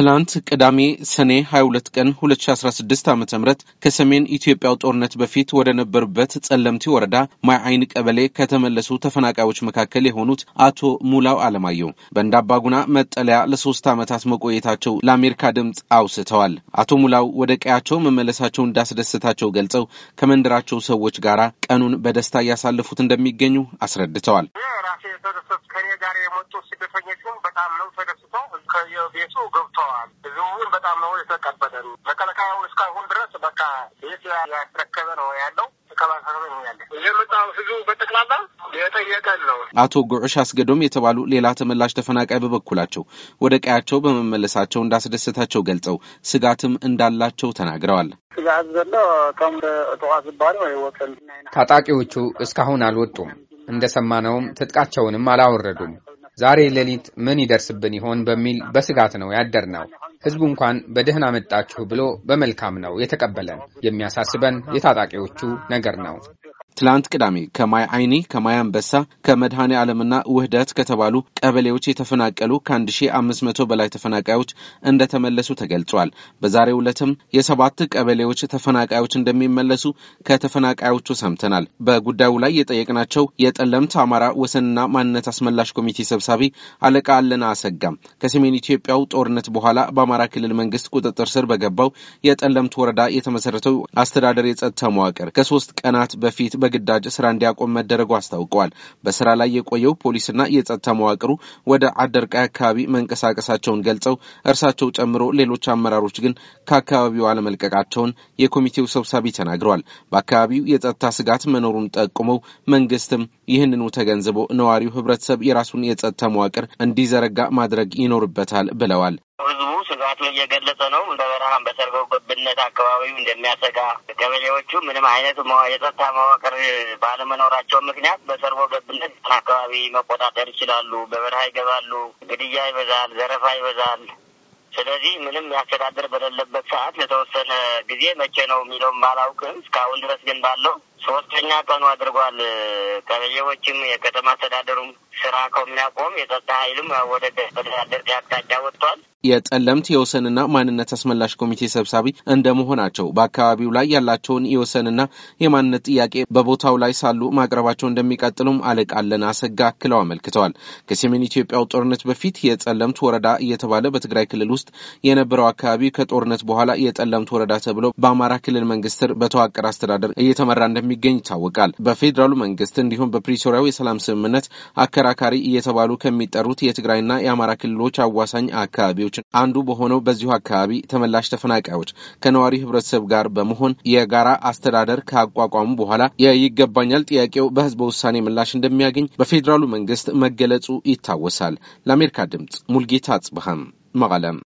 ትላንት ቅዳሜ ሰኔ 22 ቀን 2016 ዓ ም ከሰሜን ኢትዮጵያው ጦርነት በፊት ወደ ነበሩበት ጸለምቲ ወረዳ ማይ አይን ቀበሌ ከተመለሱ ተፈናቃዮች መካከል የሆኑት አቶ ሙላው አለማየሁ በእንዳባጉና መጠለያ ለሶስት ዓመታት መቆየታቸው ለአሜሪካ ድምፅ አውስተዋል። አቶ ሙላው ወደ ቀያቸው መመለሳቸው እንዳስደስታቸው ገልጸው ከመንደራቸው ሰዎች ጋር ቀኑን በደስታ እያሳለፉት እንደሚገኙ አስረድተዋል። የመጡ ስደተኞችን በጣም ነው ተደስተው ከየቤቱ ገብተዋል። ህዝቡን በጣም ነው የተቀበለን። መከላከያውን እስካሁን ድረስ በቃ ቤት ያስረከበ ነው ያለው አቶ ጉዑሽ አስገዶም የተባሉ ሌላ ተመላሽ ተፈናቃይ በበኩላቸው ወደ ቀያቸው በመመለሳቸው እንዳስደሰታቸው ገልጸው ስጋትም እንዳላቸው ተናግረዋል። ስጋት ዘሎ ታጣቂዎቹ እስካሁን አልወጡም። እንደሰማነውም ትጥቃቸውንም አላወረዱም። ዛሬ ሌሊት ምን ይደርስብን ይሆን በሚል በስጋት ነው ያደር ነው። ህዝቡ እንኳን በደህና መጣችሁ ብሎ በመልካም ነው የተቀበለን። የሚያሳስበን የታጣቂዎቹ ነገር ነው። ትላንት ቅዳሜ ከማይ አይኒ፣ ከማይ አንበሳ፣ ከመድኃኔ ዓለምና ውህደት ከተባሉ ቀበሌዎች የተፈናቀሉ ከ1500 በላይ ተፈናቃዮች እንደተመለሱ ተገልጿል። በዛሬው ዕለትም የሰባት ቀበሌዎች ተፈናቃዮች እንደሚመለሱ ከተፈናቃዮቹ ሰምተናል። በጉዳዩ ላይ የጠየቅናቸው የጠለምት አማራ ወሰንና ማንነት አስመላሽ ኮሚቴ ሰብሳቢ አለቃ አለና አሰጋም ከሰሜን ኢትዮጵያው ጦርነት በኋላ በአማራ ክልል መንግስት ቁጥጥር ስር በገባው የጠለምት ወረዳ የተመሰረተው አስተዳደር የጸጥታ መዋቅር ከሶስት ቀናት በፊት በግዳጅ ስራ እንዲያቆም መደረጉ አስታውቀዋል። በስራ ላይ የቆየው ፖሊስና የጸጥታ መዋቅሩ ወደ አደርቃይ አካባቢ መንቀሳቀሳቸውን ገልጸው እርሳቸው ጨምሮ ሌሎች አመራሮች ግን ከአካባቢው አለመልቀቃቸውን የኮሚቴው ሰብሳቢ ተናግረዋል። በአካባቢው የጸጥታ ስጋት መኖሩን ጠቁመው መንግስትም ይህንኑ ተገንዝቦ ነዋሪው ህብረተሰብ የራሱን የጸጥታ መዋቅር እንዲዘረጋ ማድረግ ይኖርበታል ብለዋል። ህዝቡ ስጋቱን እየገለጸ ነው። በበረሃም በሰርገው ገብነት አካባቢው እንደሚያሰጋ ገበሬዎቹ ምንም አይነት የጸጥታ መዋቅር ባለመኖራቸው ምክንያት በሰርጎ ገብነት አካባቢ መቆጣጠር ይችላሉ። በበረሃ ይገባሉ። ግድያ ይበዛል፣ ዘረፋ ይበዛል። ስለዚህ ምንም ያስተዳደር በሌለበት ሰዓት ለተወሰነ ጊዜ መቼ ነው የሚለውም ባላውቅም እስካሁን ድረስ ግን ባለው ሶስተኛ ቀኑ አድርጓል። ቀበሌዎችም የከተማ አስተዳደሩም ስራ ከሚያቆም የጸጥታ ኃይልም ወደ ተዳደር አቅጣጫ ወጥቷል። የጠለምት የወሰንና ማንነት አስመላሽ ኮሚቴ ሰብሳቢ እንደመሆናቸው በአካባቢው ላይ ያላቸውን የወሰንና የማንነት ጥያቄ በቦታው ላይ ሳሉ ማቅረባቸው እንደሚቀጥሉም አለቃለን አሰጋ አክለው አመልክተዋል። ከሰሜን ኢትዮጵያው ጦርነት በፊት የጠለምት ወረዳ እየተባለ በትግራይ ክልል ውስጥ የነበረው አካባቢ ከጦርነት በኋላ የጠለምት ወረዳ ተብሎ በአማራ ክልል መንግስት ስር በተዋቀረ አስተዳደር እየተመራ እንደሚገኝ ይታወቃል። በፌዴራሉ መንግስት እንዲሁም በፕሪቶሪያው የሰላም ስምምነት አከራካሪ እየተባሉ ከሚጠሩት የትግራይና የአማራ ክልሎች አዋሳኝ አካባቢዎች አንዱ በሆነው በዚሁ አካባቢ ተመላሽ ተፈናቃዮች ከነዋሪ ህብረተሰብ ጋር በመሆን የጋራ አስተዳደር ካቋቋሙ በኋላ የይገባኛል ጥያቄው በህዝበ ውሳኔ ምላሽ እንደሚያገኝ በፌዴራሉ መንግስት መገለጹ ይታወሳል። ለአሜሪካ ድምጽ ሙልጌታ አጽብሃም መቀለም